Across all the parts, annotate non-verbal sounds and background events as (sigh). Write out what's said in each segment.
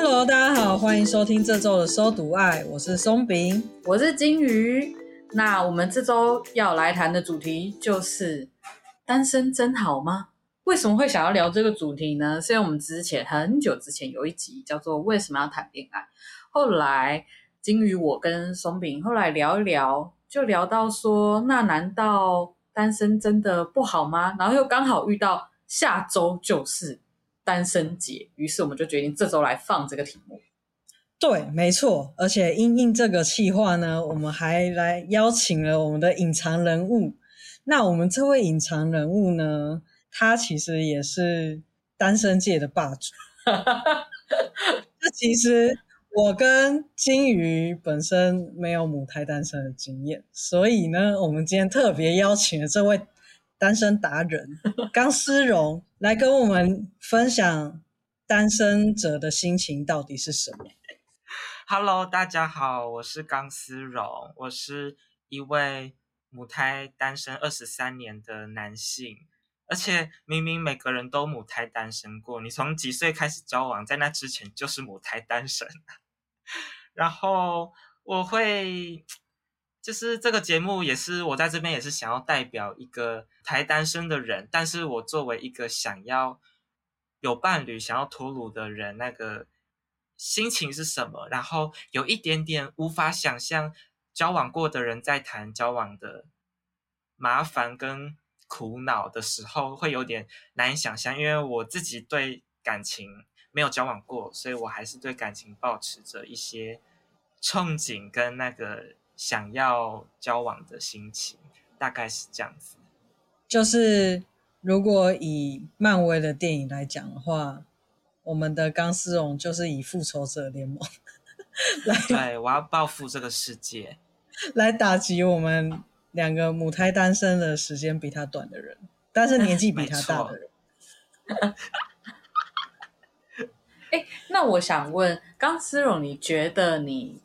Hello，大家好，歡迎收聽這週的收讀愛，我是鬆餅，我是鯨魚。那我們這週要來談的主題就是單身真好嗎？為什麼會想要聊這個主題呢？雖然我們之前很久之前有一集叫做為什麼要談戀愛，後來鯨魚我跟鬆餅後來聊一聊，就聊到說，那難道單身真的不好嗎？然後又剛好遇到下週就是。單身節，於是我們就決定這周來放這個題目。對，沒錯。而且因應這個企劃呢，我們還來邀請了我們的隱藏人物。那我們這位隱藏人物呢，他其實也是單身界的霸主。 (laughs) 其實我跟鯨魚本身沒有母胎單身的經驗，所以呢，我們今天特別邀請了這位單身達人——鋼絲絨。 (laughs) 來跟我們分享單身者的心情到底是什麼？Hello，大家好，我是鋼絲絨，我是一位母胎單身二十三年的男性，而且明明每個人都母胎單身過，你從幾歲開始交往，在那之前就是母胎單身了。 (laughs) 然後我會。就是這個節目也是我在這邊也是想要代表一個台單身的人，但是我作為一個想要有伴侶、想要脫魯的人，那個心情是什麼？然後有一點點無法想象交往過的人在談交往的麻煩跟苦惱的時候，會有點難以想象。因為我自己對感情沒有交往過，所以我還是對感情保持着一些憧憬跟那個。想要交往的心情大概是這樣子，就是如果以漫威的電影來講的話，我們的鋼絲絨就是以復仇者聯盟 (laughs) 來對我要報復這個世界，來打擊我們兩個母胎單身的時間比他短的人，但是年紀比他大的人。哎 (laughs) 沒錯、 (laughs) 欸，那我想問鋼絲絨，你覺得你？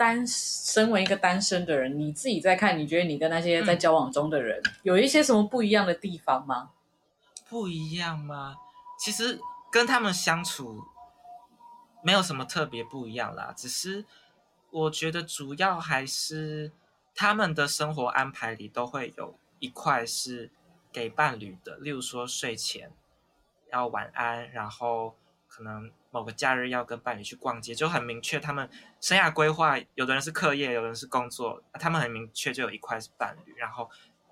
單，身為一個單身的人，你自己在看，你覺得你跟那些在交往中的人有一些什麼不一樣的地方嗎？嗯？不一樣嗎？其實跟他們相處沒有什麼特別不一樣啦，只是我覺得主要還是他們的生活安排裡都會有一塊是給伴侶的，例如說睡前要晚安，然後可能。某個假日要跟伴侶去逛街，就很明確。他們生涯規劃，有的人是課業，有的人是工作，啊，他們很明確就有一塊是伴侶。然後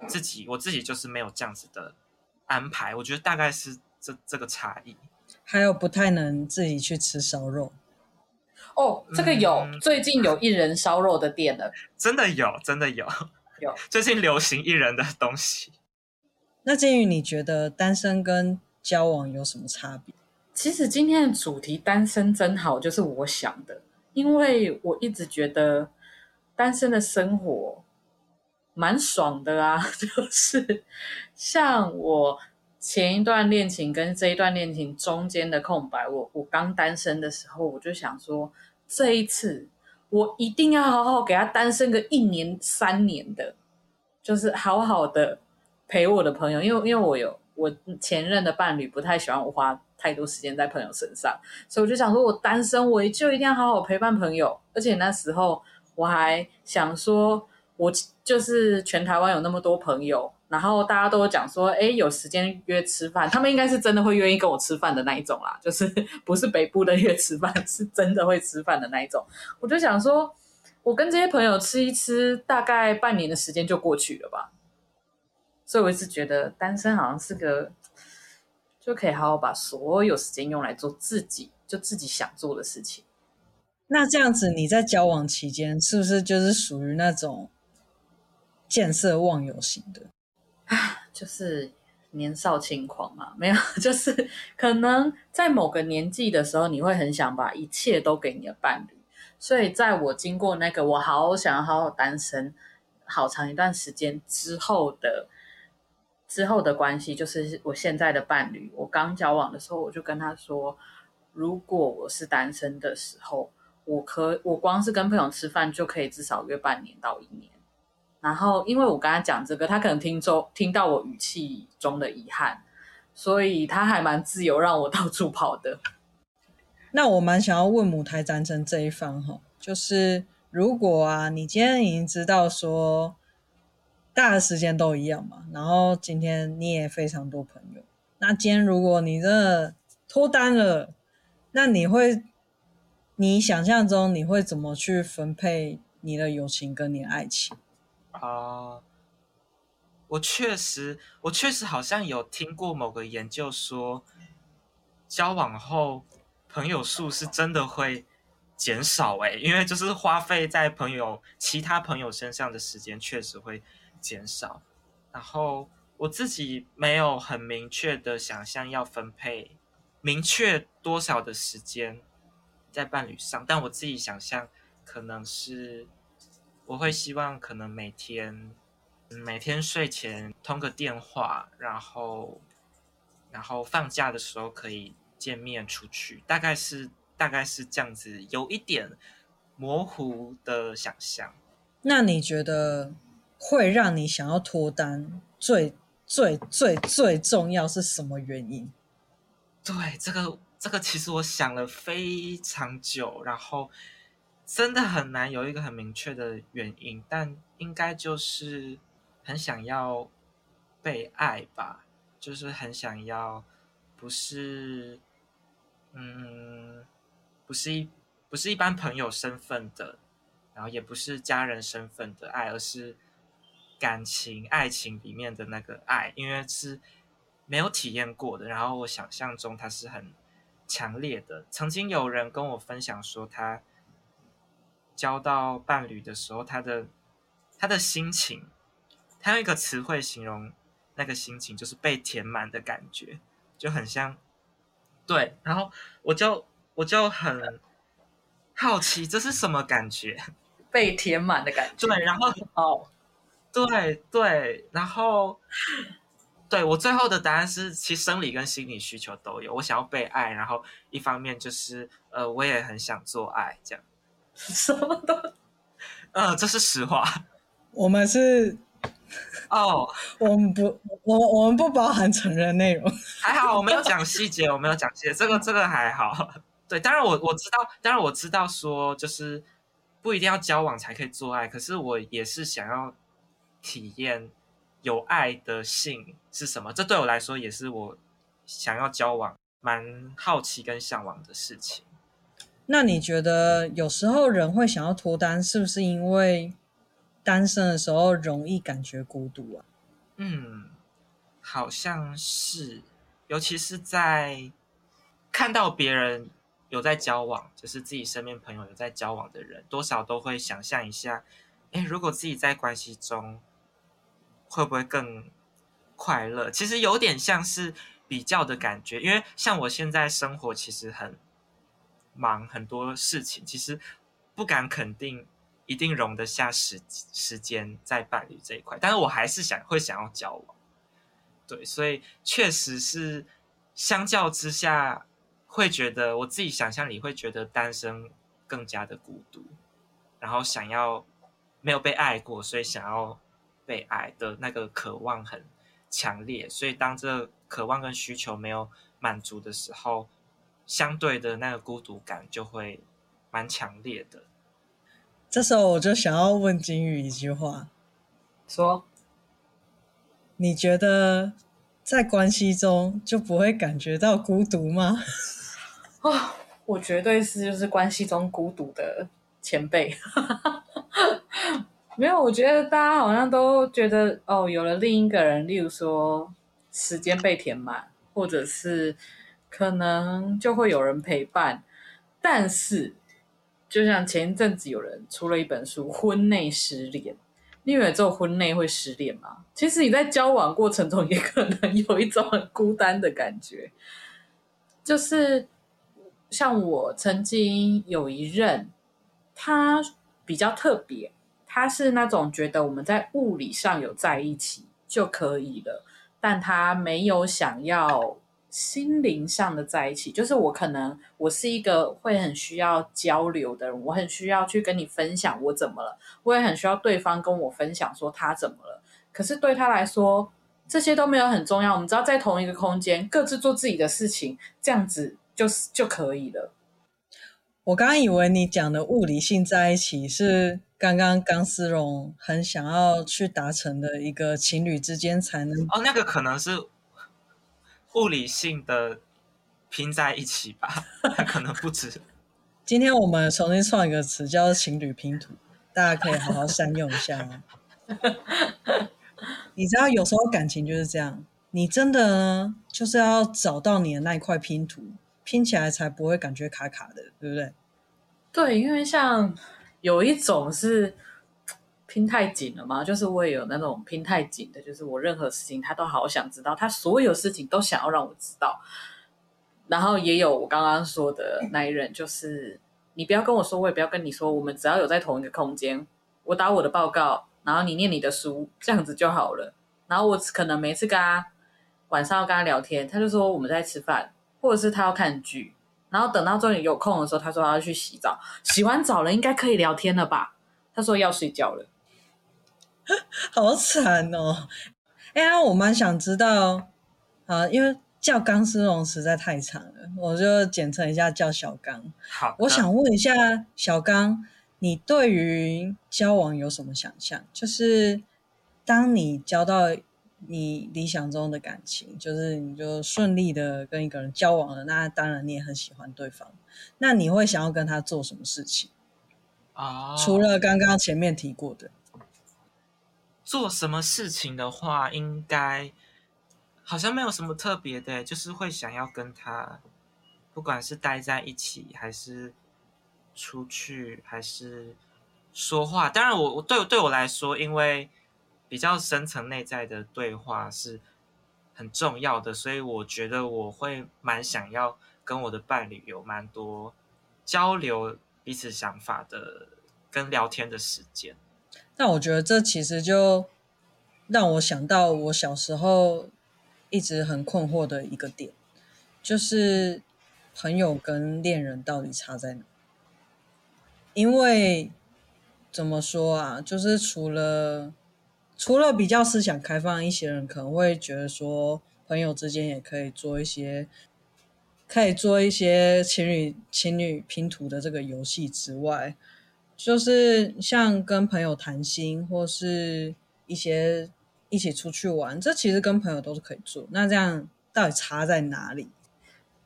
自己，我自己就是沒有這樣子的安排。我覺得大概是這這個差異。還有不太能自己去吃燒肉哦，這個有，嗯，最近有一人燒肉的店的，真的有，真的有，有最近流行一人的東西。那至於你覺得單身跟交往有什麼差別？其實今天的主題“單身真好”就是我想的，因為我一直覺得單身的生活蠻爽的啊。就是像我前一段戀情跟這一段戀情中間的空白，我我剛單身的時候，我就想說，這一次我一定要好好給他單身個一年、三年的，就是好好的陪我的朋友，因為因為我有。我前任的伴侶不太喜歡我花太多時間在朋友身上，所以我就想說，我單身我就一定要好好陪伴朋友。而且那時候我還想說，我就是全台灣有那麼多朋友，然後大家都有講說，哎，有時間約吃飯，他們應該是真的會願意跟我吃飯的那一種啦，就是不是北部的約吃飯，是真的會吃飯的那一種。我就想說，我跟這些朋友吃一吃，大概半年的時間就過去了吧。所以我一直覺得單身好像是個就可以好好把所有時間用來做自己，就自己想做的事情。那這樣子你在交往期間是不是就是屬於那種見色忘友型的？啊，就是年少輕狂嘛，沒有，就是可能在某個年紀的時候，你會很想把一切都給你的伴侶。所以在我經過那個我好想要好好單身好長一段時間之後的。之後的關係就是我現在的伴侶。我剛交往的時候，我就跟他說，如果我是單身的時候，我可我光是跟朋友吃飯就可以至少約半年到一年。然後，因為我跟他講這個，他可能聽周聽到我語氣中的遺憾，所以他還蠻自由讓我到處跑的。那我蠻想要問母胎展陳這一方哈，就是如果啊，你今天已經知道說。大的時間都一樣嘛。然後今天你也非常多朋友。那今天如果你真的脫單了，那你會，你想象中你會怎麼去分配你的友情跟你的愛情？啊，uh，我確實，我確實好像有聽過某個研究說，交往後朋友數是真的會減少哎、欸，因為就是花費在朋友其他朋友身上的時間確實會。減少，然後我自己沒有很明確的想象要分配，明確多少的時間在伴侶上，但我自己想象可能是我會希望，可能每天、嗯、每天睡前通個電話，然後然後放假的時候可以見面出去，大概是大概是這樣子，有一點模糊的想象那你覺得？會讓你想要脫單，最最最最重要是什麼原因？對，這個這個其實我想了非常久，然後真的很難有一個很明確的原因，但應該就是很想要被愛吧，就是很想要不是，嗯，不是一，不是一般朋友身份的，然後也不是家人身份的愛，而是。感情、愛情裡面的那個愛，因為是沒有體驗過的，然後我想象中它是很強烈的。曾經有人跟我分享說，他交到伴侶的時候，他的他的心情，他用一個詞彙形容那個心情，就是被填滿的感覺，就很像。對，然後我就我就很好奇，這是什麼感覺？被填滿的感覺。 (laughs) 對，然後好。哦對對，然後對我最後的答案是，其實生理跟心理需求都有。我想要被愛，然後一方面就是呃，我也很想做愛，這樣什麼都呃，這是實話。我們是哦，oh, 我們不，我們我們不包含成人的內容，還好，我沒有講細節，我沒有講細節， (laughs) 這個這個還好。對，當然我我知道，當然我知道說就是不一定要交往才可以做愛，可是我也是想要。體驗有愛的性是什麼？這對我來說也是我想要交往，蠻好奇跟向往的事情。那你覺得有時候人會想要脫單，是不是因為單身的時候容易感覺孤獨啊？嗯，好像是，尤其是在看到別人有在交往，就是自己身邊朋友有在交往的人，多少都會想象一下，誒，如果自己在關係中。會不會更快樂？其實有點像是比較的感覺，因為像我現在生活其實很忙，很多事情其實不敢肯定一定容得下時時間在伴侶這一塊，但是我還是想會想要交往。對，所以確實是相較之下，會覺得我自己想象裡會覺得單身更加的孤獨，然後想要沒有被愛過，所以想要。被愛的那個渴望很強烈，所以當這個渴望跟需求沒有滿足的時候，相對的那個孤獨感就會蠻強烈的。這時候我就想要問鯨魚一句話，說你覺得在關係中就不會感覺到孤獨嗎？哦，我絕對是就是關係中孤獨的前輩。 (laughs) 沒有，我覺得大家好像都覺得哦，有了另一個人，例如說時間被填滿，或者是可能就會有人陪伴。但是，就像前一陣子有人出了一本書《婚內失戀》，你以為只有婚內會失戀嗎？其實你在交往過程中也可能有一種很孤單的感覺。就是像我曾經有一任，他比較特別。他是那種覺得我們在物理上有在一起就可以了，但他沒有想要心靈上的在一起。就是我可能我是一個會很需要交流的人，我很需要去跟你分享我怎麼了，我也很需要對方跟我分享說他怎麼了。可是對他來說，這些都沒有很重要。我們只要在同一個空間，各自做自己的事情，這樣子就是、就可以了。我剛剛以為你講的物理性在一起，是剛剛鋼絲絨很想要去達成的一個情侶之間才能哦，那個可能是物理性的拼在一起吧，可能不止。 (laughs) 今天我們重新創一個詞，叫做情侶拼圖， (laughs) 大家可以好好善用一下哦。 (laughs) 你知道，有時候感情就是這樣，你真的呢就是要找到你的那一塊拼圖，拼起來才不會感覺卡卡的，對不對？對，因為像有一種是拼太緊了嘛，就是我也有那種拼太緊的，就是我任何事情他都好想知道，他所有事情都想要讓我知道。然後也有我剛剛說的那一任，就是你不要跟我說，我也不要跟你說，我們只要有在同一個空間，我打我的報告，然後你念你的書，這樣子就好了。然後我可能每次跟他晚上要跟他聊天，他就說我們在吃飯，或者是他要看劇。然後等到終於有空的時候，他說他要去洗澡，洗完澡了應該可以聊天了吧？他說要睡覺了，好慘哦！哎呀，我蠻想知道，啊，因為叫鋼絲絨實在太長了，我就簡稱一下叫小剛。好啊，我想問一下小剛，你對於交往有什麼想象？就是當你交到。你理想中的感情就是你就順利的跟一個人交往了，那當然你也很喜歡對方。那你會想要跟他做什麼事情啊？Oh. 除了剛剛前面提過的，做什麼事情的話，應該好像沒有什麼特別的，就是會想要跟他，不管是待在一起，還是出去，還是說話。當然我，我我對，對我來說，因為。比較深層內在的對話是很重要的，所以我覺得我會蠻想要跟我的伴侶有蠻多交流彼此想法的跟聊天的時間。那我覺得這其實就讓我想到我小時候一直很困惑的一個點，就是朋友跟戀人到底差在哪？因為怎麼說啊，就是除了除了比較思想開放，一些人可能會覺得說，朋友之間也可以做一些，可以做一些情侶情侶拼圖的這個遊戲之外，就是像跟朋友談心，或是一些一起出去玩，這其實跟朋友都是可以做。那這樣到底差在哪裡？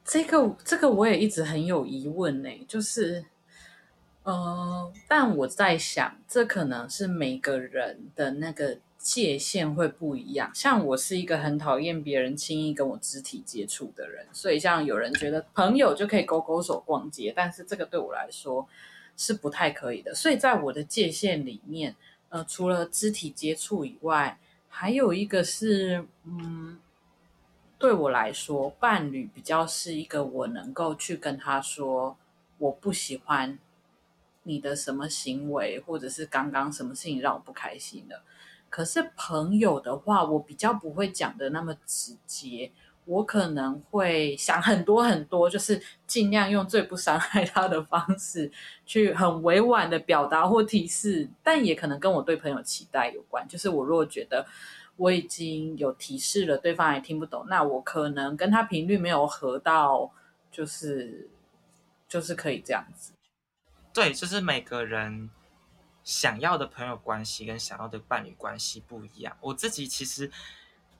這個這個我也一直很有疑問呢、欸，就是。呃，但我在想，這可能是每個人的那個界限會不一樣。像我是一個很討厭別人輕易跟我肢體接觸的人，所以像有人覺得朋友就可以勾勾手逛街，但是這個對我來說是不太可以的。所以在我的界限裡面，呃，除了肢體接觸以外，還有一個是，嗯，對我來說，伴侶比較是一個我能夠去跟他說我不喜歡你的什麼行為，或者是剛剛什麼事情讓我不開心了？可是朋友的話，我比較不會講得那麼直接，我可能會想很多很多，就是盡量用最不傷害他的方式去很委婉地表達或提示。但也可能跟我對朋友期待有關，就是我如果覺得我已經有提示了，對方也聽不懂，那我可能跟他頻率沒有合到，就是就是可以這樣子。對，就是每個人想要的朋友關係跟想要的伴侶關係不一樣。我自己其實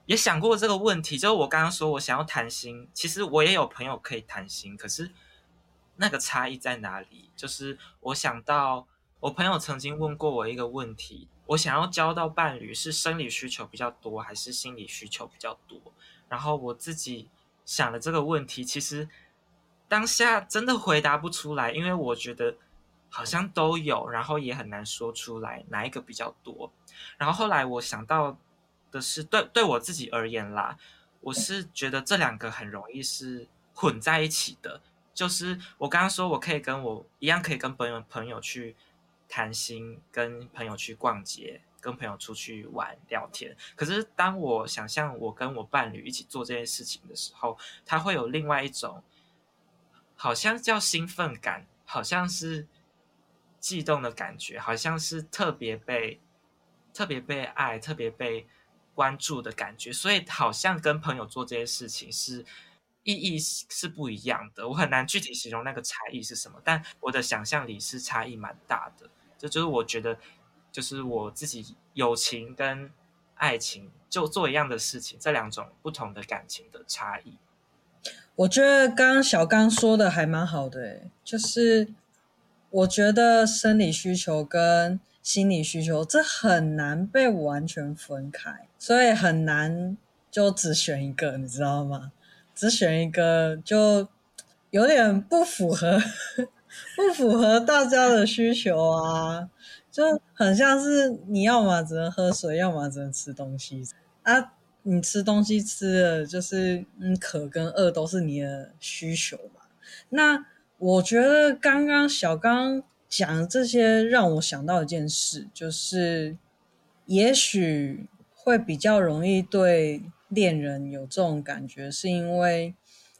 也想過這個問題，就是我剛剛說我想要談心，其實我也有朋友可以談心，可是那個差異在哪裡？就是我想到我朋友曾經問過我一個問題：我想要交到伴侶是生理需求比較多，還是心理需求比較多？然後我自己想的這個問題，其實當下真的回答不出來，因為我覺得。好像都有，然後也很難說出來哪一個比較多。然後後來我想到的是，對對我自己而言啦，我是覺得這兩個很容易是混在一起的。就是我剛剛說我可以跟我一樣，可以跟朋友朋友去談心，跟朋友去逛街，跟朋友出去玩聊天。可是當我想象我跟我伴侶一起做這件事情的時候，他會有另外一種，好像叫興奮感，好像是。悸動的感覺，好像是特別被特別被愛、特別被關注的感覺，所以好像跟朋友做這些事情是意義是是不一樣的。我很難具體形容那個差異是什麼，但我的想象裡是差異蠻大的。這就,就是我覺得，就是我自己友情跟愛情就做一樣的事情，這兩種不同的感情的差異。我覺得剛剛小剛說的還蠻好的，就是。我覺得生理需求跟心理需求這很難被完全分開，所以很難就只選一個，你知道嗎？只選一個就有點不符合不符合大家的需求啊，就很像是你要嘛只能喝水，要嘛只能吃東西啊。你吃東西吃的，就是嗯渴跟餓都是你的需求嘛，那。我覺得剛剛小剛講這些，讓我想到一件事，就是也許會比較容易對戀人有這種感覺，是因為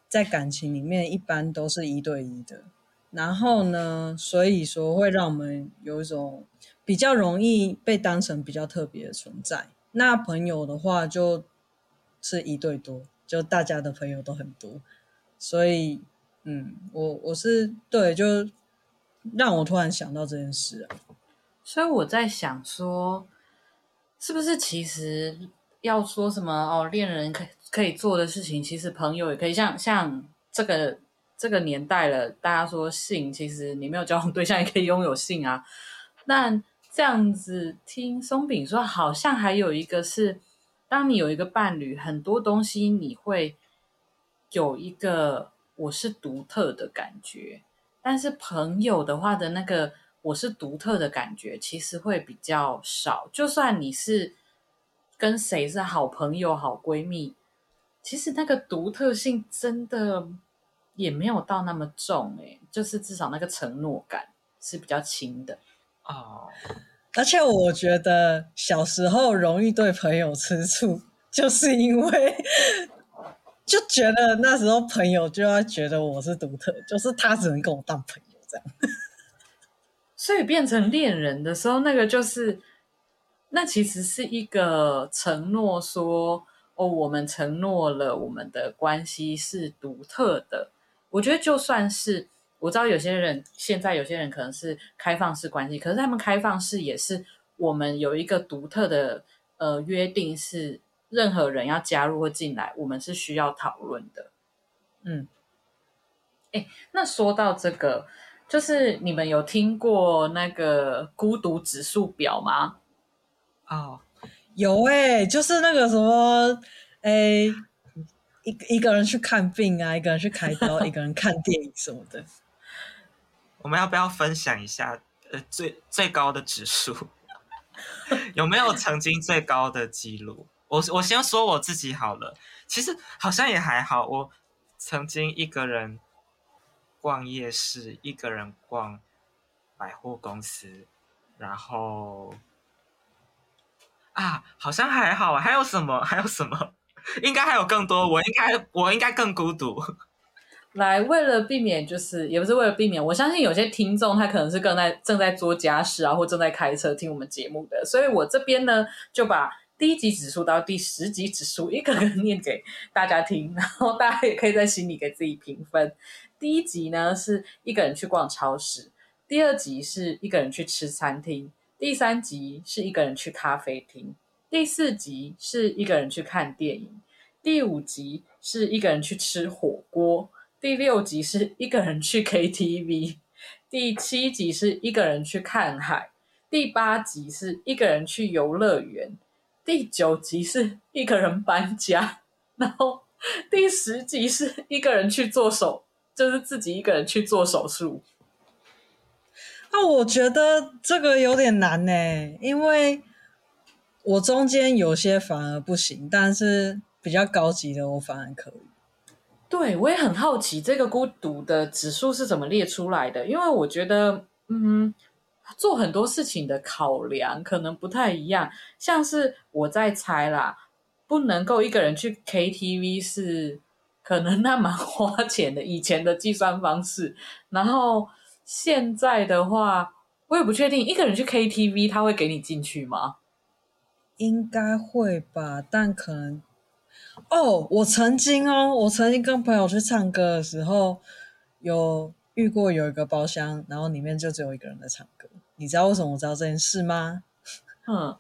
在感情裡面一般都是一對一的，然後呢，所以說會讓我們有一種比較容易被當成比較特別的存在。那朋友的話，就是一對多，就大家的朋友都很多，所以。嗯，我我是對，就讓我突然想到這件事啊，所以我在想說，是不是其實要說什麼哦？戀人可以可以做的事情，其實朋友也可以。像像這個這個年代了，大家說性，其實你沒有交往對象也可以擁有性啊。但這樣子聽鬆餅說，好像還有一個是，當你有一個伴侶，很多東西你會有一個。我是獨特的感覺，但是朋友的話的那個，我是獨特的感覺，其實會比較少。就算你是跟誰是好朋友、好閨蜜，其實那個獨特性真的也沒有到那麼重誒、欸，就是至少那個承諾感是比較輕的哦。Oh. 而且我覺得小時候容易對朋友吃醋，就是因為。 (laughs) 就覺得那時候朋友就要覺得我是獨特，就是他只能跟我當朋友這樣。所以變成戀人的時候，那個就是，那其實是一個承諾，說哦，我們承諾了，我們的關係是獨特的。我覺得就算是我知道有些人現在有些人可能是開放式關係，可是他們開放式也是我們有一個獨特的呃約定是，任何人要加入或進來，我們是需要討論的。嗯，欸，那說到這個，就是你們有聽過那個孤獨指數表嗎？哦，有欸，就是那個什麼，欸，一一個人去看病啊，一個人去開刀， (laughs) 一個人看電影什麼的。我們要不要分享一下，呃，最最高的指數？ (laughs) 有沒有曾經最高的記錄？我我先說我自己好了，其實好像也還好。我曾經一個人逛夜市，一個人逛百貨公司，然後啊，好像還好。還有什麼？還有什麼？應該還有更多。我應該 (laughs) 我應該更孤獨。來，為了避免，就是也不是為了避免，我相信有些聽眾他可能是更在正在做家事啊，或正在開車聽我們節目的，所以我這邊呢就把。第一集指數到第十集指數，一個個念給大家聽，然後大家也可以在心裡給自己評分。第一集呢，是一個人去逛超市；第二集是一個人去吃餐廳；第三集是一個人去咖啡廳；第四集是一個人去看電影；第五集是一個人去吃火鍋；第六集是一個人去 KTV；第七集是一個人去看海；第八集是一個人去遊樂園。第九集是一個人搬家，然後第十集是一個人去做手，就是自己一個人去做手術。那、啊、我覺得這個有點難呢，因為我中間有些反而不行，但是比較高級的我反而可以。對我也很好奇，這個孤獨的指數是怎麼列出來的？因為我覺得，嗯。做很多事情的考量，可能不太一樣，像是我在猜啦，不能夠一個人去 KTV 是可能那蠻花錢的以前的計算方式，然後現在的話，我也不確定一個人去 KTV 他會給你進去嗎？應該會吧，但可能哦，oh, 我曾經哦，我曾經跟朋友去唱歌的時候有遇過有一個包廂，然後裡面就只有一個人在唱歌。你知道為什麼我知道這件事嗎？嗯，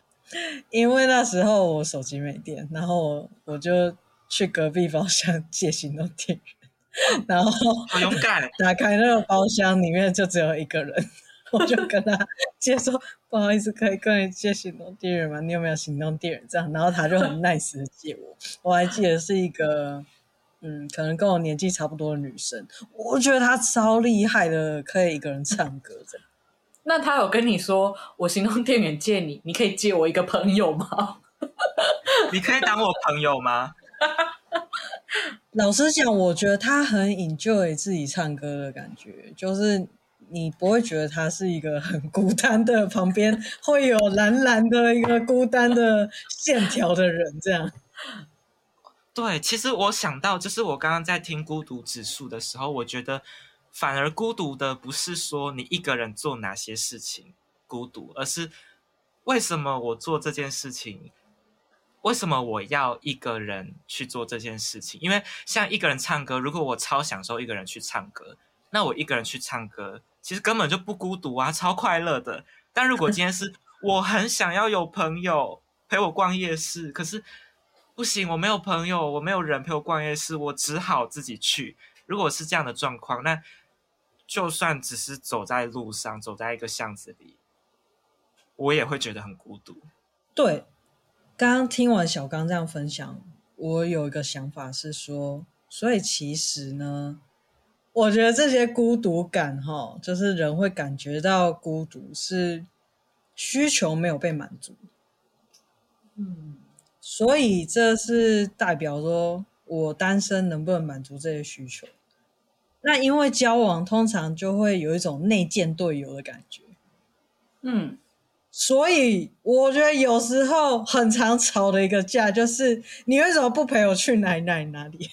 因為那時候我手機沒電，然後我就去隔壁包廂借行動電源，然後好勇敢，打開那個包廂裡面就只有一個人，我就跟他借說 (laughs) 不好意思，可以跟你借行動電源嗎？你有沒有行動電源？這樣，然後他就很 nice 的借我， (laughs) 我還記得是一個嗯，可能跟我年紀差不多的女生，我覺得她超厲害的，可以一個人唱歌這樣那他有跟你說，我行動電源借你，你可以借我一個朋友嗎？ (laughs) 你可以當我朋友嗎？ (laughs) 老實講，我覺得他很 enjoy 自己唱歌的感覺，就是你不會覺得他是一個很孤單的，旁邊會有藍藍的一個孤單的線條的人這樣。 (laughs) 對，其實我想到，就是我剛剛在聽孤獨指數的時候，我覺得。反而孤獨的不是說你一個人做哪些事情孤獨，而是為什麼我做這件事情？為什麼我要一個人去做這件事情？因為像一個人唱歌，如果我超享受一個人去唱歌，那我一個人去唱歌其實根本就不孤獨啊，超快樂的。但如果今天是我很想要有朋友陪我逛夜市，可是不行，我沒有朋友，我沒有人陪我逛夜市，我只好自己去。如果是這樣的狀況，那……就算只是走在路上，走在一個巷子裡，我也會覺得很孤獨。對，剛剛聽完小鋼這樣分享，我有一個想法是說，所以其實呢，我覺得這些孤獨感，哦，哈，就是人會感覺到孤獨是需求沒有被滿足。嗯，所以這是代表說我單身能不能滿足這些需求？那因為交往通常就會有一種內建隊友的感覺，嗯，所以我覺得有時候很常吵的一個架就是你為什麼不陪我去奶奶那裡？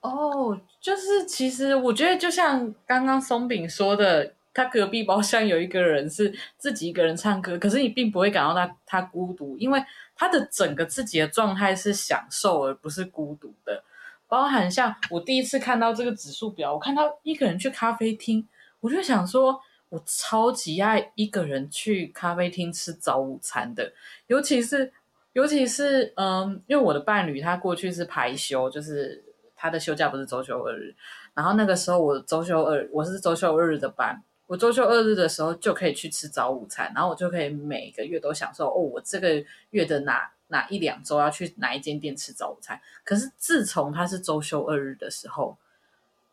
哦，就是其實我覺得就像剛剛鬆餅說的，他隔壁包廂有一個人是自己一個人唱歌，可是你並不會感到他他孤獨，因為他的整個自己的狀態是享受而不是孤獨的。包含像我第一次看到這個指數表，我看到一個人去咖啡廳，我就想說，我超級愛一個人去咖啡廳吃早午餐的，尤其是，尤其是，嗯，因為我的伴侶他過去是排休，就是他的休假不是周休二日，然後那個時候我周休二，我是周休二日的班，我周休二日的時候就可以去吃早午餐，然後我就可以每個月都享受哦，我這個月的拿。那一兩周要去哪一間店吃早午餐？可是自從他是周休二日的時候，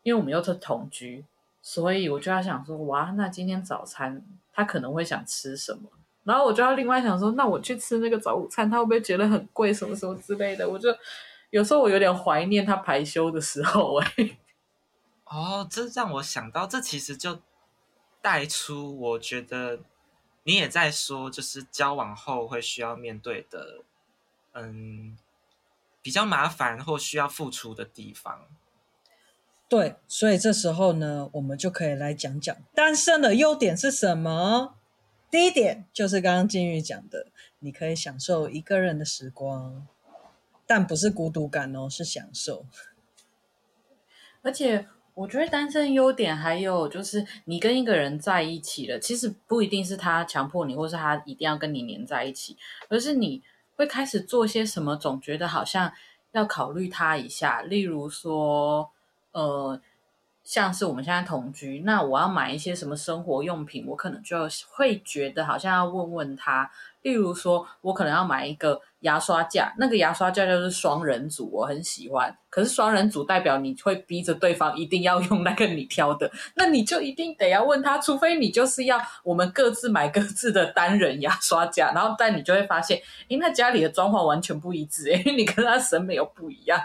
因為我們又是同居，所以我就要想說，哇，那今天早餐他可能會想吃什麼？然後我就要另外想說，那我去吃那個早午餐，他會不會覺得很貴？什麼什麼之類的？我就有時候我有點懷念他排休的時候，哎，哦，這讓我想到，這其實就帶出我覺得你也在說，就是交往後會需要面對的。嗯，比較麻煩或需要付出的地方。對，所以這時候呢，我們就可以來講講單身的優點是什麼。第一點就是剛剛鯨魚講的，你可以享受一個人的時光，但不是孤獨感哦，是享受。而且我覺得單身優點還有就是，你跟一個人在一起了，其實不一定是他強迫你，或是他一定要跟你黏在一起，而是你。會開始做些什麼，總覺得好像要考慮他一下，例如說，呃。像是我們現在同居，那我要買一些什麼生活用品，我可能就會覺得好像要問問他。例如說，我可能要買一個牙刷架，那個牙刷架就是雙人組，我很喜歡。可是雙人組代表你會逼着對方一定要用那個你挑的，那你就一定得要問他，除非你就是要我們各自買各自的單人牙刷架，然後但你就會發現，哎，那家裡的裝潢完全不一致，誒，你跟他審美又不一樣。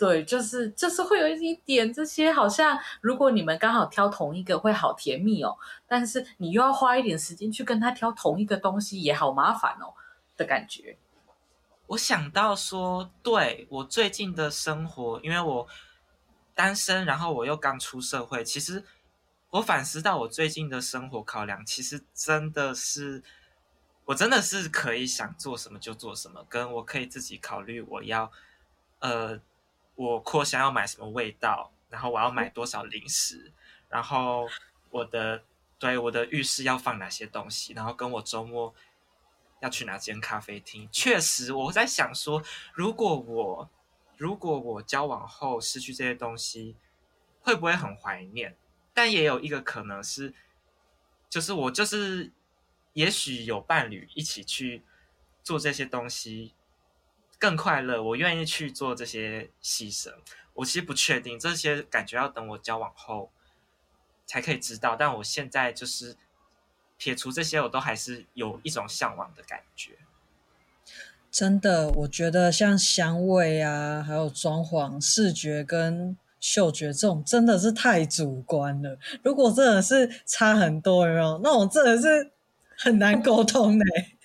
對，就是就是會有一點這些，好像如果你們剛好挑同一個，會好甜蜜哦。但是你又要花一點時間去跟他挑同一個東西，也好麻煩哦的感覺。我想到說，對我最近的生活，因為我單身，然後我又剛出社會，其實我反思到我最近的生活考量，其實真的是我真的是可以想做什麼就做什麼，跟我可以自己考慮我要呃。我擴香想要買什麼味道，然後我要買多少零食，嗯、然後我的對我的浴室要放哪些東西，然後跟我周末要去哪間咖啡廳。確實，我在想說，如果我如果我交往後失去這些東西，會不會很懷念？但也有一個可能是，就是我就是也許有伴侶一起去做這些東西。更快樂，我願意去做這些犧牲。我其實不確定這些感覺，要等我交往後才可以知道。但我現在就是撇除這些，我都還是有一種嚮往的感覺。真的，我覺得像香味啊，還有裝潢、視覺跟嗅覺這種，真的是太主觀了。如果真的是差很多人哦，那我真的是很難溝通呢、欸。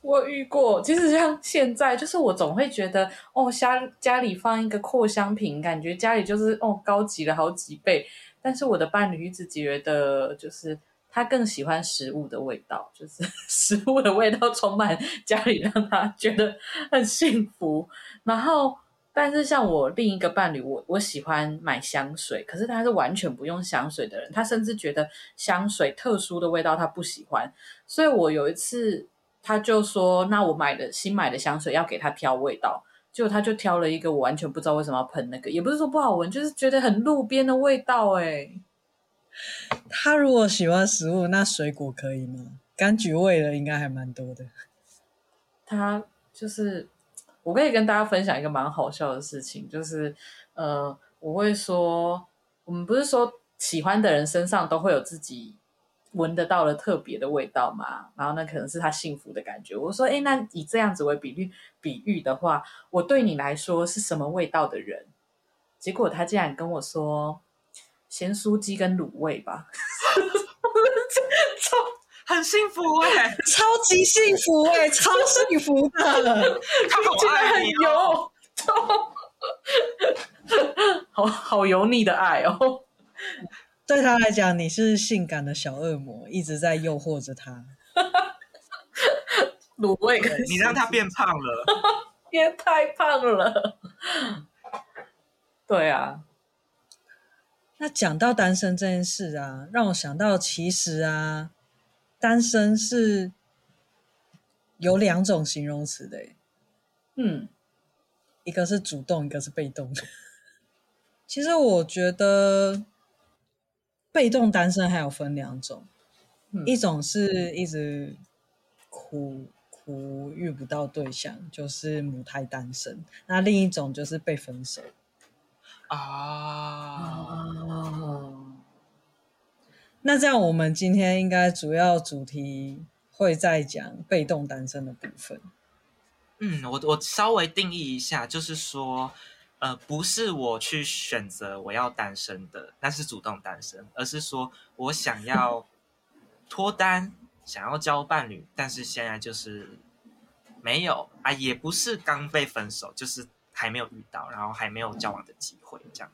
我遇過，其實像現在，就是我總會覺得，哦，家家裡放一個擴香瓶，感覺家裡就是哦，高級了好幾倍。但是我的伴侶一直覺得，就是他更喜歡食物的味道，就是食物的味道充滿家裡，讓他覺得很幸福。然後，但是像我另一個伴侶，我我喜歡買香水，可是他是完全不用香水的人，他甚至覺得香水特殊的味道他不喜歡。所以我有一次。他就說：“那我買的新買的香水要給他挑味道，結果他就挑了一個我完全不知道為什麼要噴那個，也不是說不好聞，就是覺得很路邊的味道。”哎，他如果喜歡食物，那水果可以嗎？柑橘味的應該還蠻多的。他就是，我可以跟大家分享一個蠻好笑的事情，就是呃，我會說，我們不是說喜歡的人身上都會有自己，聞得到了特別的味道嘛，然後那可能是他幸福的感覺。我說：“哎、欸，那以這樣子為比喻比喻的話，我對你來說是什麼味道的人？”結果他竟然跟我說：“鹹酥雞跟滷味吧， (laughs) 超很幸福哎、欸，超級幸福哎、欸， (laughs) 超幸福的，他好愛你，真的很油，好好油膩的愛哦。”對他來講，你是性感的小惡魔，一直在誘惑着他。滷 (laughs) 味， (laughs) 你讓他變胖了， (laughs) 變太胖了。 (laughs) 對啊，那講到單身這件事啊，讓我想到，其實啊，單身是有兩種形容詞的，嗯， (laughs) 一個是主動，一個是被動。 (laughs) 其實我覺得。被動單身還有分兩種，一種是一直苦苦遇不到對象，就是母胎單身；那另一種就是被分手。啊、哦嗯，那這樣我們今天應該主要主題會再講被動單身的部分。嗯，我我稍微定義一下，就是說。呃，不是我去選擇我要單身的，那是主動單身，而是說我想要脫單， (laughs) 想要交伴侶，但是現在就是沒有啊，也不是剛被分手，就是還沒有遇到，然後還沒有交往的機會，這樣。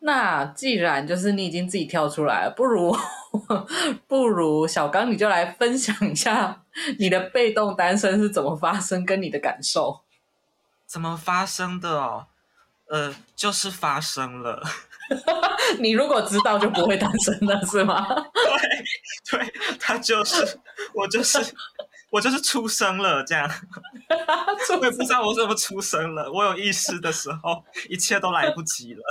那既然就是你已經自己跳出來了，不如 (laughs) 不如小鋼，你就來分享一下你的被動單身是怎麼發生，跟你的感受。怎麼發生的哦？呃，就是發生了。 (laughs) 你如果知道就不會單身了， (laughs) 是嗎？對，對，他就是，我就是，我就是出生了這樣。我 (laughs) 也不知道我是怎麼出生了。我有意識的時候， (laughs) 一切都來不及了。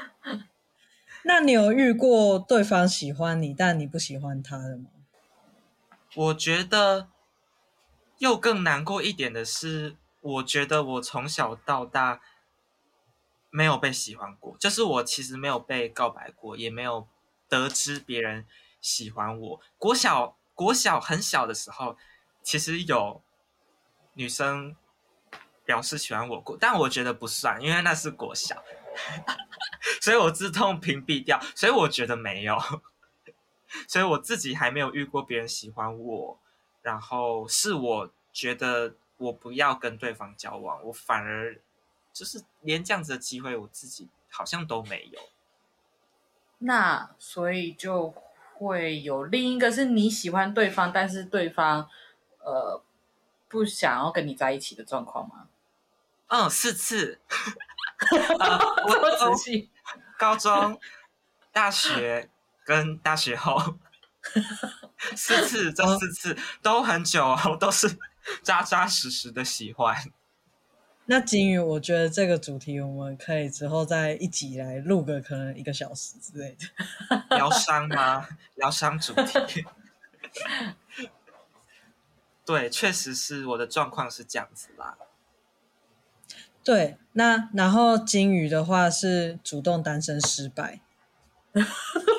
(laughs) 那你有遇過對方喜歡你，但你不喜歡他的嗎？我覺得又更難過一點的是。我覺得我從小到大沒有被喜歡過，就是我其實沒有被告白過，也沒有得知別人喜歡我。國小國小很小的時候，其實有女生表示喜歡我過，但我覺得不算，因為那是國小， (laughs) 所以我自動屏蔽掉。所以我覺得沒有，所以我自己還沒有遇過別人喜歡我。然後是我覺得。我不要跟對方交往，我反而就是連這樣子的機會，我自己好像都沒有。那所以就會有另一個是你喜歡對方，但是對方呃不想要跟你在一起的狀況嗎？嗯，四次、 (laughs) (laughs) 呃我哦，高中、大學跟大學後， (laughs) 四次，這四次、哦、都很久、啊，我都是，扎扎實實的喜歡。那鯨魚，我覺得這個主題我們可以之後再一起來錄個，可能一個小時之類的。療傷嗎？療傷主題。 (laughs) 對，確實是我的狀況是這樣子啦。對，那然後鯨魚的話是主動單身失敗。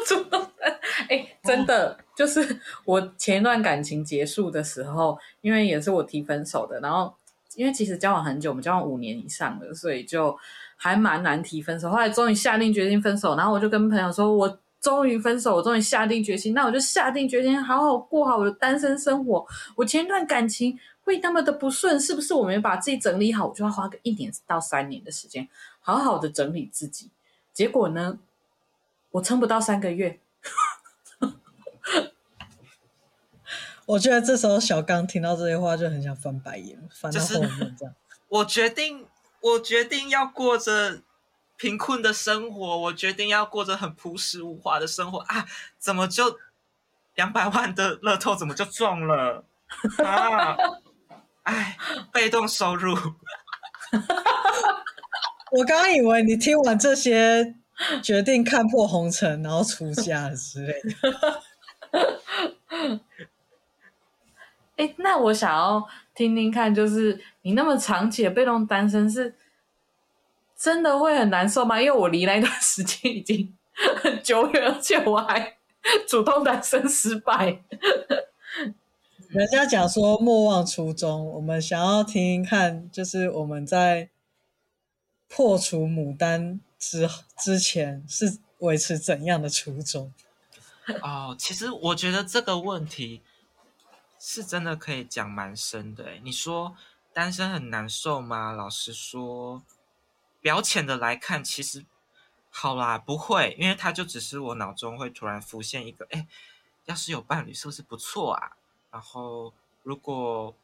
主動單？哎，真的。哦就是我前一段感情結束的時候，因為也是我提分手的，然後因為其實交往很久，我們交往五年以上了，所以就還蠻難提分手。後來終於下定決心分手，然後我就跟朋友說：“我終於分手，我終於下定決心，那我就下定決心好好過好我的單身生活。我前一段感情會那麼的不順，是不是我沒把自己整理好？我就要花個一年到三年的時間，好好的整理自己。結果呢，我撐不到三個月。” (laughs) 我覺得這時候小鋼聽到這些話就很想翻白眼，翻到後面這樣。就是、我決定，我決定要過着貧困的生活，我決定要過着很樸實無華的生活啊！怎麼就兩百萬的樂透，怎麼就中了 (laughs) 啊？哎，被動收入。 (laughs) (laughs) 我剛以為你聽完這些決定看破紅塵，然後出嫁了之類的。 (laughs) 哎、 (laughs) 欸，那我想要聽聽看，就是你那麼長期的被動單身，是真的會很難受嗎？因為我離那段時間已經很久遠，而且我還主動單身失敗。人家講說莫忘初衷，我們想要聽聽看，就是我們在破除母單之之前是維持怎樣的初衷。哦、 (laughs) oh，其實我覺得這個問題是真的可以講蠻深的哎。你說單身很難受嗎？老實說，表淺的來看，其實好啦，不會，因為他就只是我腦中會突然浮現一個，哎，要是有伴侶是不是不錯啊？然後如果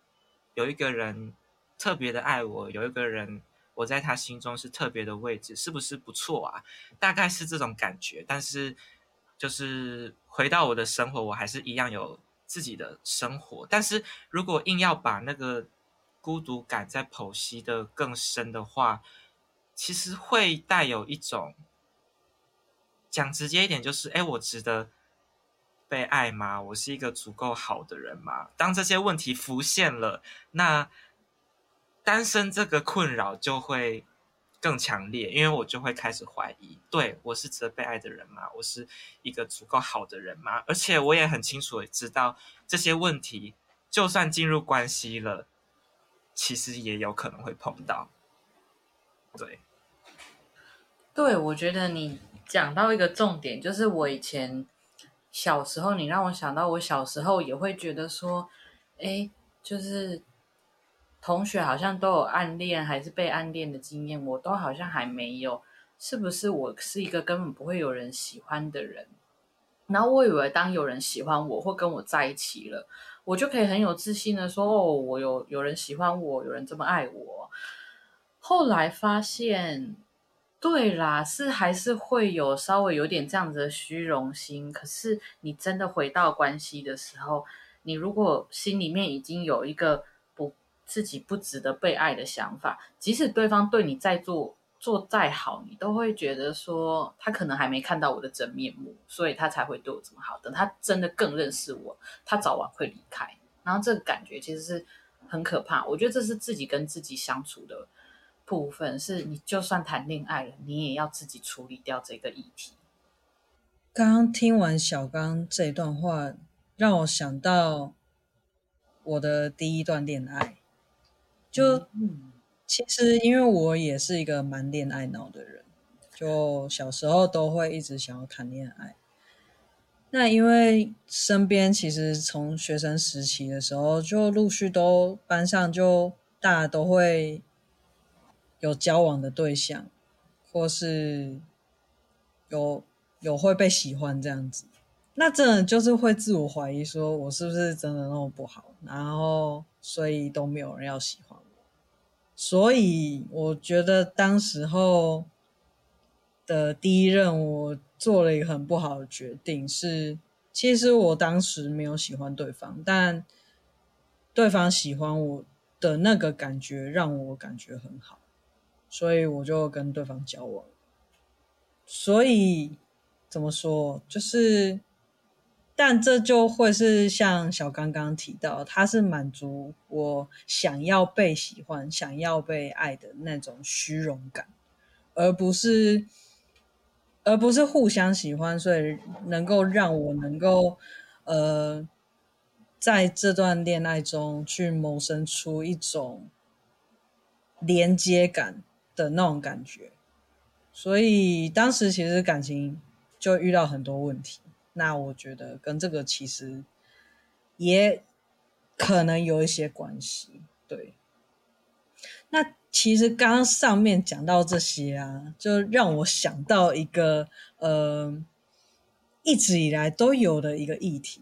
有一個人特別的愛我，有一個人我在他心中是特別的位置，是不是不錯啊？大概是這種感覺，但是。就是回到我的生活，我還是一樣有自己的生活。但是如果硬要把那個孤獨感再剖析得更深的話，其實會帶有一種講直接一點，就是哎，我值得被愛嗎？我是一個足夠好的人嗎？當這些問題浮現了，那單身這個困擾就會，更強烈，因為我就會開始懷疑，對，我是值得被愛的人嗎？我是一個足夠好的人嗎？而且我也很清楚知道這些問題，就算進入關係了，其實也有可能會碰到。對，對，我覺得你講到一個重點，就是我以前小時候，你讓我想到我小時候也會覺得說，哎、欸，就是。同學好像都有暗戀還是被暗戀的經驗，我都好像還沒有，是不是我是一個根本不會有人喜歡的人？然後我以為當有人喜歡我或跟我在一起了，我就可以很有自信的說：“哦，我有有人喜歡我，有人這麼愛我。”後來發現，對啦，是還是會有稍微有點這樣子的虛榮心。可是你真的回到關係的時候，你如果心裡面已經有一個。自己不值得被愛的想法，即使對方對你再做做再好，你都會覺得說他可能還沒看到我的真面目，所以他才會對我這麼好的。等他真的更認識我，他早晚會離開。然後這個感覺其實是很可怕。我覺得這是自己跟自己相處的部分，是你就算談戀愛了，你也要自己處理掉這個議題。剛聽完小鋼這一段話，讓我想到我的第一段戀愛。就其實，因為我也是一個蠻戀愛腦的人，就小時候都會一直想要談戀愛。那因為身邊其實從學生時期的時候，就陸續都班上就大家都會有交往的對象，或是有有會被喜歡這樣子。那真的就是會自我懷疑，說我是不是真的那麼不好，然後所以都沒有人要喜歡。所以我覺得當時候的第一任，我做了一個很不好的決定，是其實我當時沒有喜歡對方，但對方喜歡我的那個感覺讓我感覺很好，所以我就跟對方交往。所以怎麼說，就是。但這就會是像小剛剛提到，他是滿足我想要被喜歡、想要被愛的那種虛榮感，而不是而不是互相喜歡，所以能夠讓我能夠呃，在這段戀愛中去萌生出一種連接感的那種感覺。所以當時其實感情就遇到很多問題。那我覺得跟這個其實也可能有一些關係，對。那其實剛剛上面講到這些啊，就讓我想到一個，呃，一直以來都有的一個議題，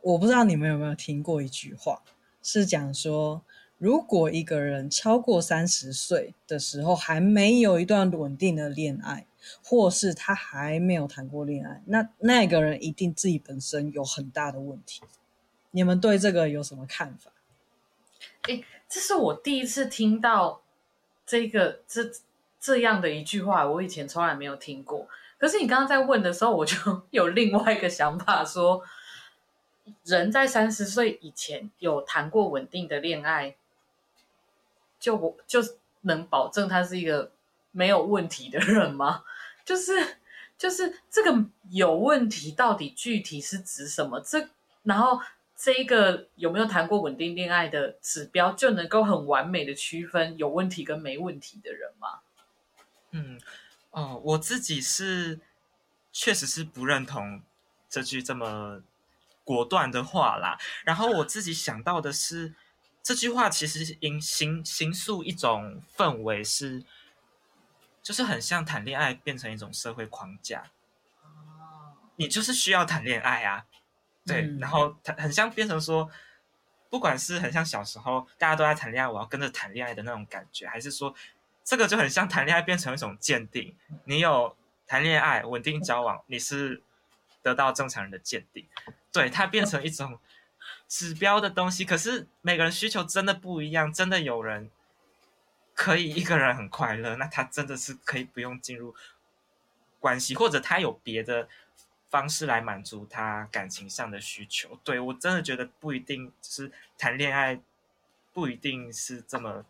我不知道你們有沒有聽過一句話，是講說，如果一個人超過三十歲的時候還沒有一段穩定的戀愛，或是他還沒有談過戀愛，那那個人一定自己本身有很大的問題。你們對這個有什麼看法？這是我第一次聽到這個這這樣的一句話，我以前從來沒有聽過。可是你剛剛在問的時候，我就有另外一個想法說，說人在三十歲以前有談過穩定的戀愛。就我就能保證他是一個沒有問題的人嗎？就是就是這個有問題到底具體是指什麼？這然後這一個有沒有談過穩定戀愛的指標就能夠很完美的區分有問題跟沒問題的人嗎？嗯，哦，我自己是確實是不認同這句這麼果斷的話啦。然後我自己想到的是。這句話其實是引形形塑一種氛圍是，是就是很像談戀愛變成一種社會框架，你就是需要談戀愛啊，對，嗯、然後很像變成說，不管是很像小時候大家都在談戀愛，我要跟着談戀愛的那種感覺，還是說這個就很像談戀愛變成一種鑑定，你有談戀愛穩定交往，你是得到正常人的鑑定，對，它變成一種。指標的東西，可是每個人需求真的不一樣，真的有人可以一個人很快樂，那他真的是可以不用進入關係，或者他有別的方式來滿足他感情上的需求。對，我真的覺得不一定，就是談戀愛不一定是這麼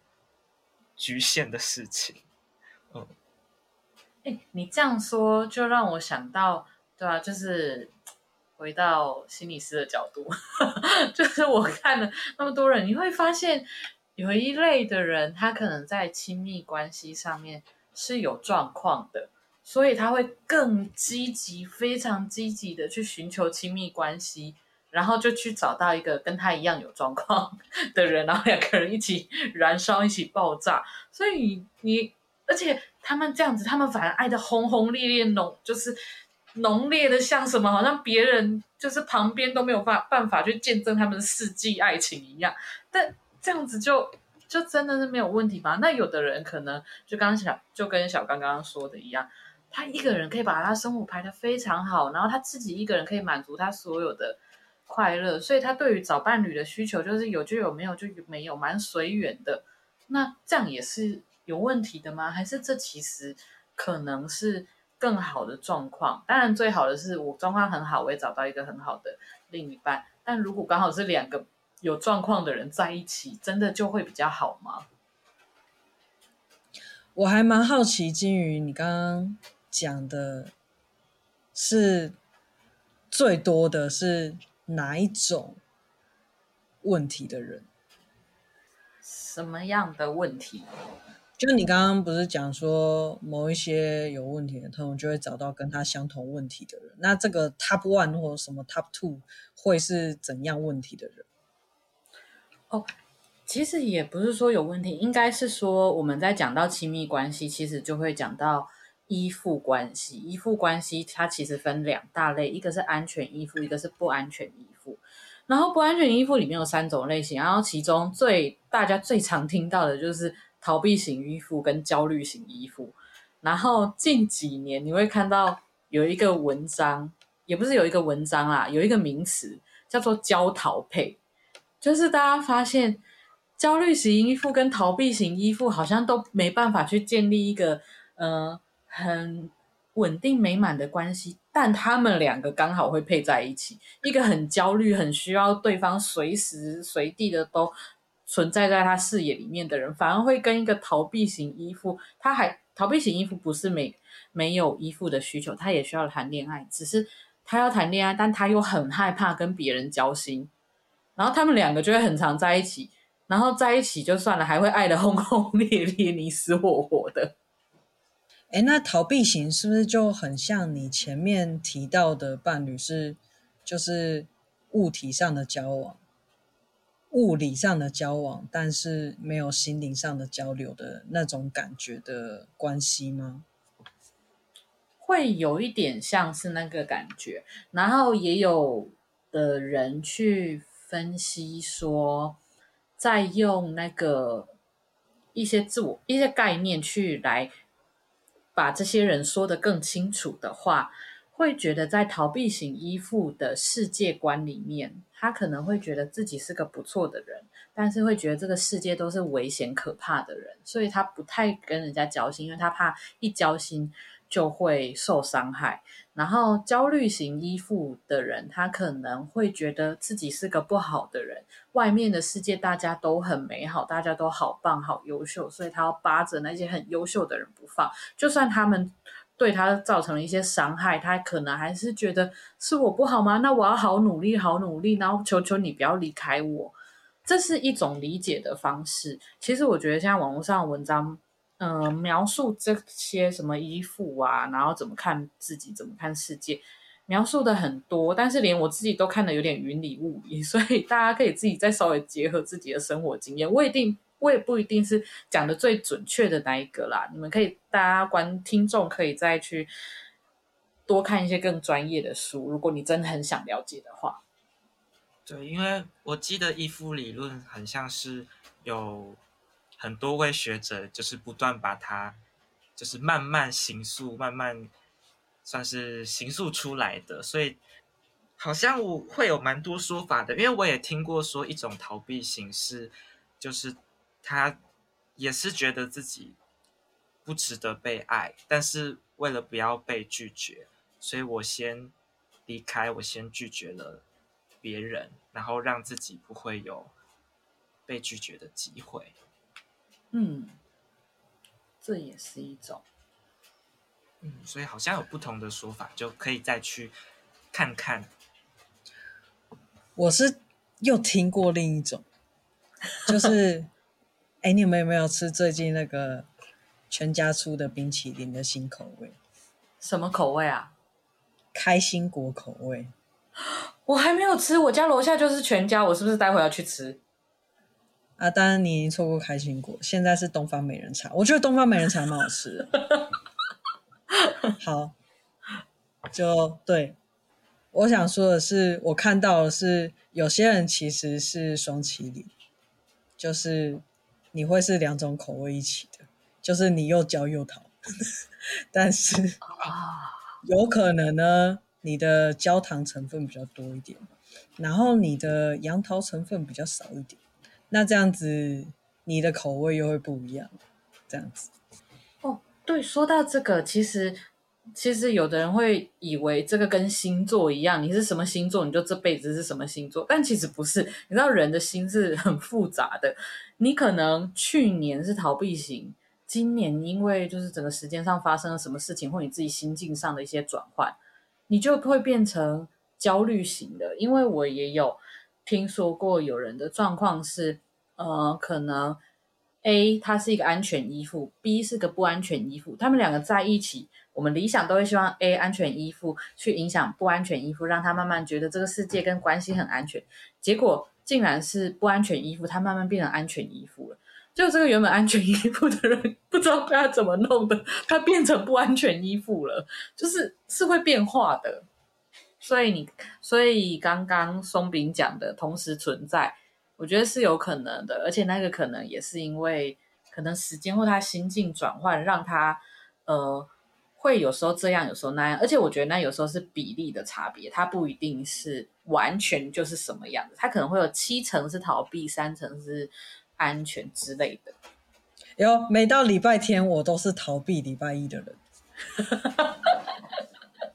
局限的事情。嗯，哎、欸，你這樣說就讓我想到，對啊，就是。回到心理師的角度， (laughs) 就是我看了那麼多人，你會發現有一類的人，他可能在親密關係上面是有狀況的，所以他會更積極、非常積極的去尋求親密關係，然後就去找到一個跟他一樣有狀況的人，然後兩個人一起燃燒、一起爆炸。所以你，你，而且他們這樣子，他們反而愛得轟轟烈烈，濃就是。濃烈的像什麼？好像別人就是旁邊都沒有辦辦法去見證他們的世紀愛情一樣。但這樣子就就真的是沒有問題嗎？那有的人可能就剛想，就跟小剛剛說的一樣，他一個人可以把他生活排得非常好，然後他自己一個人可以滿足他所有的快樂，所以他對於找伴侶的需求就是有就有，沒有就沒有，蠻隨緣的。那這樣也是有問題的嗎？還是這其實可能是？更好的狀況，當然最好的是我狀況很好，我也找到一個很好的另一半。但如果剛好是兩個有狀況的人在一起，真的就會比較好嗎？我還蠻好奇，鯨魚，你剛剛講的是最多的是哪一種問題的人？什麼樣的問題？就你剛剛不是講說某一些有問題的，他們就會找到跟他相同問題的人。那這個 top one 或者什麼 top two 會是怎樣問題的人？哦，其實也不是說有問題，應該是說我們在講到親密關係，其實就會講到依附關係。依附關係它其實分兩大類，一個是安全依附，一個是不安全依附。然後不安全依附裡面有三種類型，然後其中最大家最常聽到的就是，逃避型依附跟焦慮型依附，然後近幾年你會看到有一個文章，也不是有一個文章啦，啊，有一個名詞叫做焦逃配，就是大家發現焦慮型依附跟逃避型依附好像都沒辦法去建立一個嗯、呃、很穩定美滿的關係，但他們兩個剛好會配在一起，一個很焦慮，很需要對方隨時隨地的都。存在在他視野裡面的人，反而會跟一個逃避型依附，他還，逃避型依附不是沒沒有依附的需求，他也需要談戀愛，只是他要談戀愛，但他又很害怕跟別人交心，然後他們兩個就會很常在一起，然後在一起就算了，還會愛的轟轟烈烈，你死我活，活的。哎，那逃避型是不是就很像你前面提到的伴侶是，就是物體上的交往？物理上的交往，但是沒有心靈上的交流的那種感覺的關係嗎？會有一點像是那個感覺，然後也有的人去分析說，再用那個一些自我一些概念去來把這些人說得更清楚的話。會覺得在逃避型依附的世界觀裡面，他可能會覺得自己是個不錯的人，但是會覺得這個世界都是危險可怕的人，所以他不太跟人家交心，因為他怕一交心就會受傷害。然後焦慮型依附的人，他可能會覺得自己是個不好的人，外面的世界大家都很美好，大家都好棒、好優秀，所以他要扒着那些很優秀的人不放，就算他們。對他造成了一些傷害，他可能還是覺得是我不好嗎？那我要好努力，好努力，然後求求你不要離開我。這是一種理解的方式。其實我覺得現在網絡上的文章，嗯、呃，描述這些什麼依附啊，然後怎麼看自己，怎麼看世界，描述的很多，但是連我自己都看得有點雲裡霧裡，所以大家可以自己再稍微結合自己的生活經驗，我一定。我也不一定是講的最準確的那一個啦，你們可以大家觀聽眾可以再去多看一些更專業的書，如果你真的很想了解的話。對，因為我記得依附理論很像是有很多位學者，就是不斷把它就是慢慢形塑、慢慢算是形塑出來的，所以好像我會有蠻多說法的。因為我也聽過說一種逃避形式就是。他也是覺得自己不值得被愛，但是為了不要被拒絕，所以我先離開，我先拒絕了別人，然後讓自己不會有被拒絕的機會。嗯，這也是一種。嗯，所以好像有不同的說法，就可以再去看看。 (laughs) 我是又聽過另一種，就是。 (laughs) 哎、欸，你們有沒有吃最近那個全家出的冰淇淋的新口味？什麼口味啊？開心果口味。我還沒有吃，我家樓下就是全家，我是不是待會要去吃？阿、啊、但是，你錯過開心果，現在是東方美人茶。我覺得東方美人茶蠻好吃的。 (laughs) 好，就對，我想說的是，我看到的是有些人其實是雙麒麟，就是。你會是兩種口味一起的，就是你又焦又桃，但是有可能呢，你的焦糖成分比較多一點，然後你的楊桃成分比較少一點，那這樣子你的口味又會不一樣，這樣子。哦，對，說到這個，其實。其實有的人會以為這個跟星座一樣，你是什麼星座，你就這輩子是什麼星座。但其實不是，你知道人的心是很複雜的。你可能去年是逃避型，今年因為就是整個時間上發生了什麼事情，或你自己心境上的一些轉換，你就會變成焦慮型的。因為我也有聽說過有人的狀況是，呃，可能 A 他是一個安全依附，B 是個不安全依附，他們兩個在一起。我們理想都會希望，A 安全依附去影響不安全依附，讓他慢慢覺得這個世界跟關係很安全。結果竟然是不安全依附，他慢慢變成安全依附了。就這個原本安全依附的人，不知道他要怎麼弄的，他變成不安全依附了。就是是會變化的。所以你，所以剛剛鬆餅講的同時存在，我覺得是有可能的。而且那個可能也是因為，可能時間或他心境轉換，讓他呃。會有時候這樣，有時候那樣，而且我覺得那有時候是比例的差別，它不一定是完全就是什麼樣的，它可能會有七成是逃避，三成是安全之類的。有，每到禮拜天，我都是逃避禮拜一的人。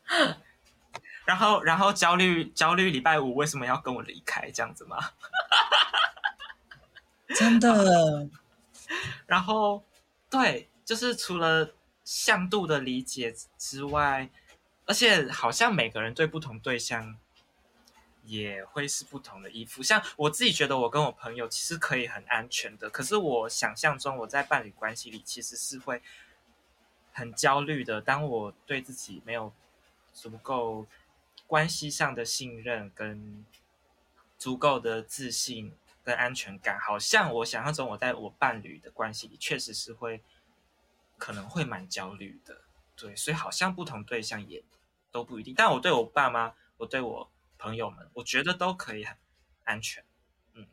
(laughs) (laughs) 然後，然後焦慮焦慮禮拜五為什麼要跟我離開這樣子嗎？ (laughs) 真的了。 (laughs) 然後，對，就是除了。向度的理解之外，而且好像每個人對不同對象也會是不同的依附。像我自己覺得，我跟我朋友其實可以很安全的，可是我想象中我在伴侶關係裡其實是會很焦慮的。當我對自己沒有足夠關係上的信任跟足夠的自信跟安全感，好像我想象中我在我伴侶的關係裡確實是會。可能會蠻焦慮的，對，所以好像不同對象也都不一定。但我對我爸媽，我對我朋友們，我覺得都可以很安全。嗯，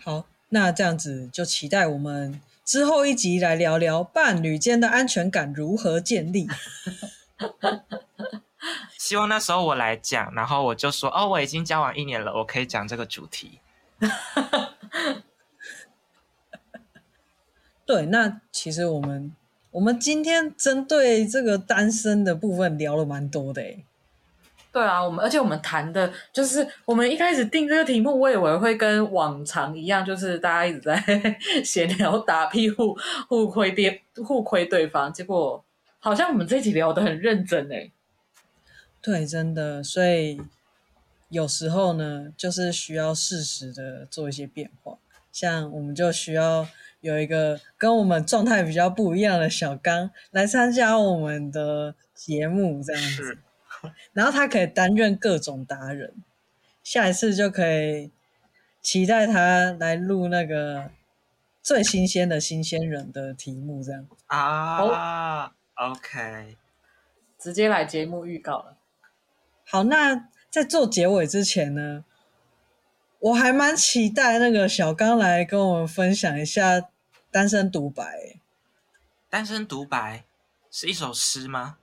好，那這樣子就期待我們之後一集來聊聊伴侶間的安全感如何建立。 (laughs) (laughs) 希望那時候我來講，然後我就說，哦，我已經交往一年了，我可以講這個主題。 (laughs) 對，那其實我們我們今天針對這個單身的部分聊了蠻多的哎。對啊，我們而且我們談的，就是我們一開始定這個題目，我以為會跟往常一樣，就是大家一直在閒 (laughs) 聊打屁互互虧別互虧對方，結果好像我們這集聊得很認真哎。對，真的，所以有時候呢，就是需要適時的做一些變化，像我們就需要。有一個跟我們狀態比較不一樣的小剛來參加我們的節目，這樣子。然後他可以擔任各種達人，下一次就可以期待他來錄那個最新鮮的新鮮人的題目，這樣啊。OK，直接來節目預告了。好，那在做結尾之前呢，我還蠻期待那個小剛來跟我們分享一下。單身獨白，單身獨白是一首詩嗎？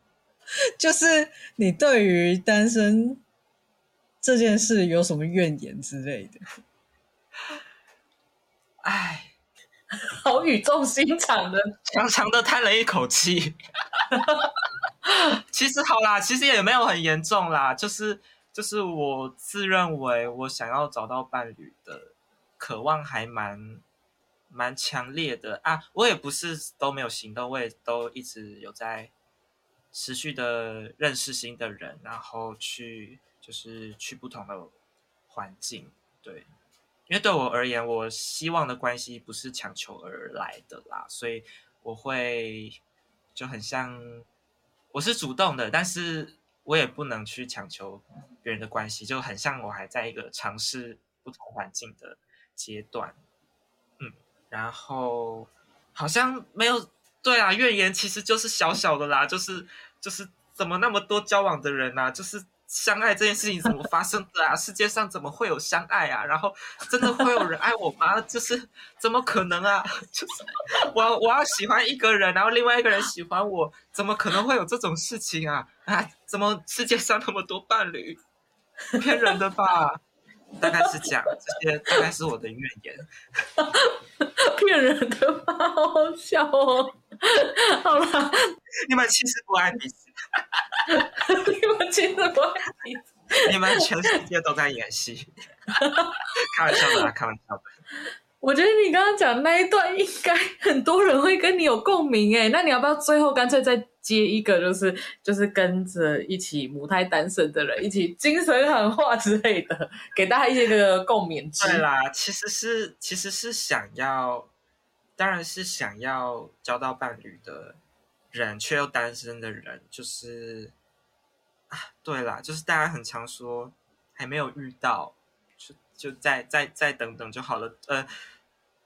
就是你對於單身這件事有什麼怨言，之類的？哎，好語重心長的，長長的嘆了一口氣。 (laughs) 其實好啦，其實也沒有很嚴重啦，就是就是我自認為我想要找到伴侶的渴望還蠻。蠻強烈的啊，我也不是都沒有行動，我也都一直有在持續的認識新的人，然後去就是去不同的環境，對。因為對我而言，我希望的關係不是強求而來的啦，所以我會就很像我是主動的，但是我也不能去強求別人的關係，就很像我還在一個嘗試不同環境的階段。然後好像沒有對啊，怨言，其實就是小小的啦，就是就是怎麼那麼多交往的人吶、啊？就是相愛這件事情怎麼發生的啊？世界上怎麼會有相愛啊？然後真的會有人愛我嗎？就是怎麼可能啊？就是我要我要喜歡一個人，然後另外一個人喜歡我，怎麼可能會有這種事情啊？啊、哎，怎麼世界上那麼多伴侶？騙人的吧？ (laughs) 大概是這樣，這些大概是我的怨言，騙 (laughs) 人的吧？好好笑哦！ (laughs) 好了吧， (laughs) 你們其實不愛彼此， (laughs) (laughs) 你們其實不愛彼此， (laughs) 你們全世界都在演戲， (laughs) (laughs) 開玩笑的，開玩笑的。我覺得你剛剛講的那一段，應該很多人會跟你有共鳴誒，那你要不要最後乾脆再？接一個就是就是跟着一起母胎單身的人一起精神喊話之類的，給大家一些這個共鳴。 (laughs) 對啦，其實是其實是想要，當然是想要交到伴侶的人，卻又單身的人，就是啊，對啦，就是大家很常說還沒有遇到，就就再再再等等就好了。呃，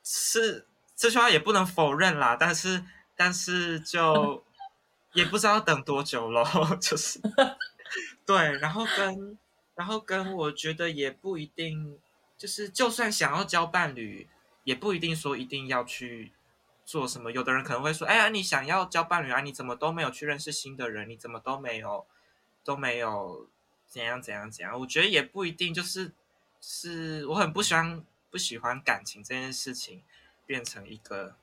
是這句話也不能否認啦，但是但是就。嗯也不知道等多久咯，就是對，然後跟然後跟我覺得也不一定，就是就算想要交伴侶，也不一定說一定要去做什麼。有的人可能會說：“哎呀，你想要交伴侶啊？你怎麼都沒有去認識新的人？你怎麼都沒有都沒有怎樣怎樣怎樣？”我覺得也不一定，就是是我很不喜歡不喜歡感情這件事情變成一個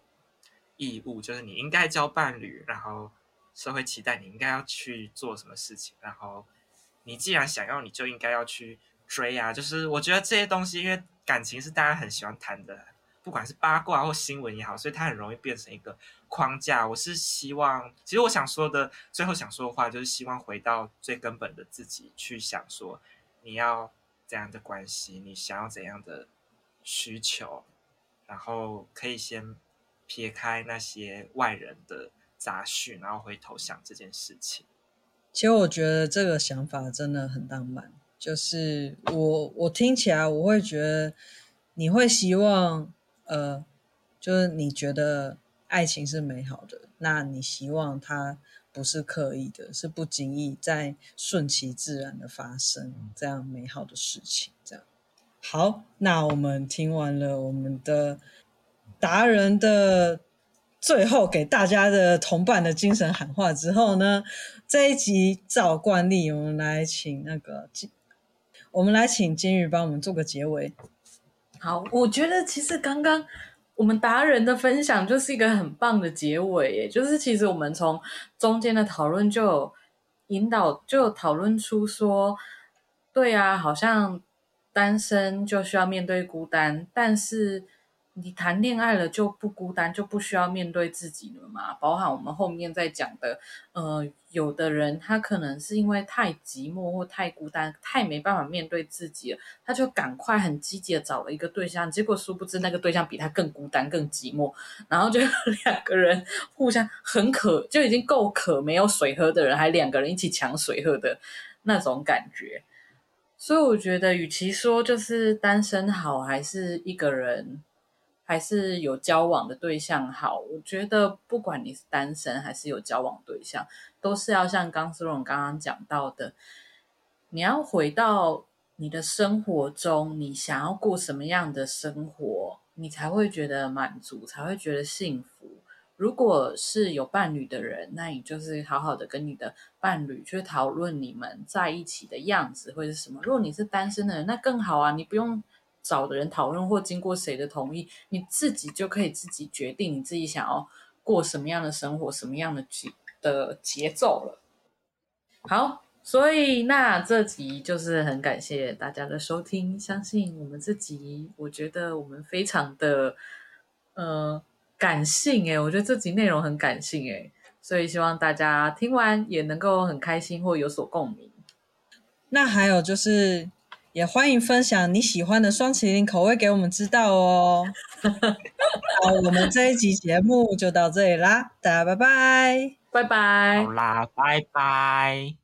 義務，就是你應該交伴侶，然後。社會期待你應該要去做什麼事情，然後你既然想要，你就應該要去追啊！就是我覺得這些東西，因為感情是大家很喜歡談的，不管是八卦或新聞也好，所以它很容易變成一個框架。我是希望，其實我想說的最後想說的話，就是希望回到最根本的自己去想，說你要怎樣的關係，你想要怎樣的需求，然後可以先撇開那些外人的。雜訊，然後回頭想這件事情。其實我覺得這個想法真的很浪漫。就是我，我聽起來我會覺得，你會希望，呃，就是你覺得愛情是美好的，那你希望它不是刻意的，是不經意在順其自然的發生這樣美好的事情。嗯、這樣好，那我們聽完了我們的達人的。最後給大家的同伴的精神喊話之後呢，這一集照慣例，我們來請那個我們來請鯨魚幫我們做個結尾。好，我覺得其實剛剛我們達人的分享就是一個很棒的結尾，就是其實我們從中間的討論就有引導，就有討論出說，對啊，好像單身就需要面對孤單，但是。你談戀愛了就不孤單，就不需要面對自己了嘛？包含我們後面在講的，呃，有的人他可能是因為太寂寞或太孤單，太沒辦法面對自己了，他就趕快很積極的找了一個對象，結果殊不知那個對象比他更孤單、更寂寞，然後就兩個人互相很渴，就已經夠渴沒有水喝的人，還兩個人一起搶水喝的那種感覺。所以我覺得，與其說就是單身好，還是一個人。還是有交往的對象好。我覺得，不管你是單身還是有交往對象，都是要像鋼絲絨剛剛講到的，你要回到你的生活中，你想要過什麼樣的生活，你才會覺得滿足，才會覺得幸福。如果是有伴侶的人，那你就是好好的跟你的伴侶去討論你們在一起的樣子或是什麼。如果你是單身的人，那更好啊，你不用。找的人討論或經過誰的同意，你自己就可以自己決定你自己想要過什麼樣的生活，什麼樣的節的節奏了。好，所以那這集就是很感謝大家的收聽。相信我們這集，我覺得我們非常的呃感性哎，我覺得這集內容很感性哎，所以希望大家聽完也能夠很開心或有所共鳴。那還有就是。也歡迎分享你喜歡的雙麒麟口味給我們知道哦。 (laughs) (laughs) 好，我們這一集節目就到這裡啦，大家拜拜，拜拜，好啦，拜拜。